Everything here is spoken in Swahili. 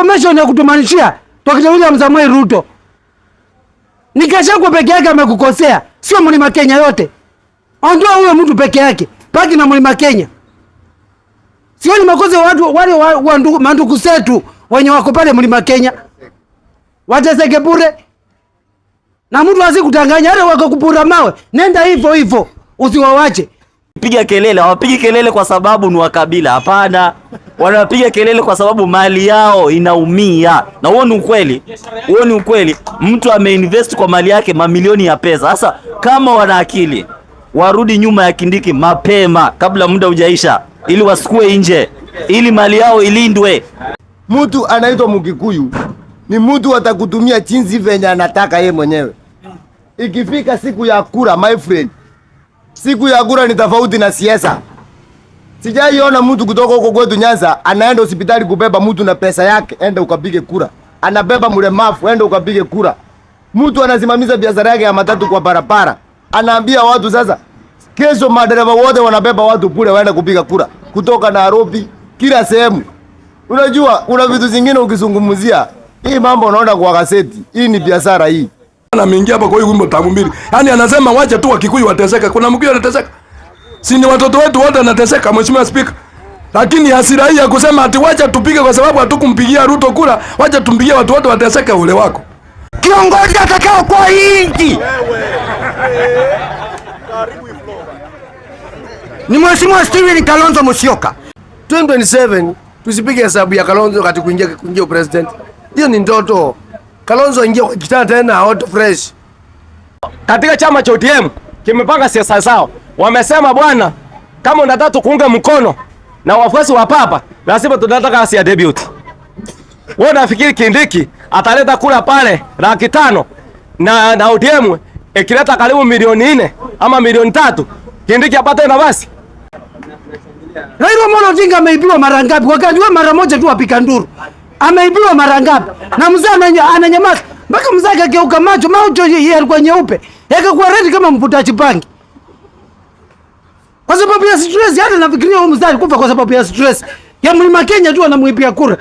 information ya kutumanishia Dr. William Samoei Ruto. Nikashakwa peke yake amekukosea, sio mlima Kenya yote. Ondoa huyo mtu peke yake, baki na mlima Kenya. Sio ni makosa ya watu wale wa ndugu manduku zetu wenye wako pale mlima Kenya. Wateseke bure. Na mtu asikutanganya hata kupura mawe. Nenda hivyo hivyo, usiwawache. Piga kelele, hawapigi kelele kwa sababu ni wa kabila. Hapana wanapiga kelele kwa sababu mali yao inaumia, na huo ni ukweli, huo ni ukweli. Mtu ameinvest kwa mali yake mamilioni ya pesa. Sasa kama wana akili warudi nyuma ya Kindiki mapema kabla muda hujaisha, ili wasikue nje, ili mali yao ilindwe. Mtu anaitwa Mukikuyu ni mtu atakutumia chinzi venye anataka ye mwenyewe. Ikifika siku ya kura, my friend, siku ya kura ni tofauti na siasa. Sijaiona mtu kutoka huko kwetu Nyanza anaenda hospitali kubeba mtu na pesa yake, enda ukapige kura. Anabeba mlemavu, enda ukapige kura. Mtu anasimamisha biashara yake ya matatu kwa barabara. Anaambia watu sasa, kesho madereva wote wanabeba watu bure waenda kupiga kura kutoka Nairobi kila sehemu. Unajua kuna vitu zingine ukizungumzia hii mambo unaona kwa gazeti. Hii ni biashara hii. Ana mingi hapa kwa hiyo wimbo tamu mbili. Yaani anasema wacha tu Wakikuyu wateseka. Kuna Mkikuyu anateseka si ni watoto wetu wote wanateseka, Mheshimiwa Spika. Lakini hasira hii ya kusema ati wacha tupige kwa sababu hatukumpigia Ruto kura, wacha tumpigie watu wote wateseke, ule wako kiongozi atakao kwa hii ni Mheshimiwa Steven Kalonzo Musyoka. 2027 tusipige hesabu ya Kalonzo kati kuingia kuingia president. Hiyo ni ndoto. Kalonzo ingia kwa kitanda tena hot fresh. Katika chama cha ODM kimepanga siasa zao Wamesema bwana, kama unataka tukuunge mkono na wafuasi wa papa, lazima tunataka asi ya debut. Wewe unafikiri Kindiki ataleta kula pale laki tano na na ODM ikileta karibu milioni nne ama milioni tatu Kindiki apate nafasi? Raila Amolo Odinga ameibiwa mara ngapi? Wakajua mara moja tu apika nduru. Ameibiwa mara ngapi? Na mzee ananyamaza mpaka mzee akageuka macho, macho yeye alikuwa nyeupe. Yakakuwa red kama mputaji bangi. Kwa sababu ya stress hata yaani nafikiria huyu mstari kufa kwa sababu ya stress. Ya Mlima Kenya tu anamwipia kura.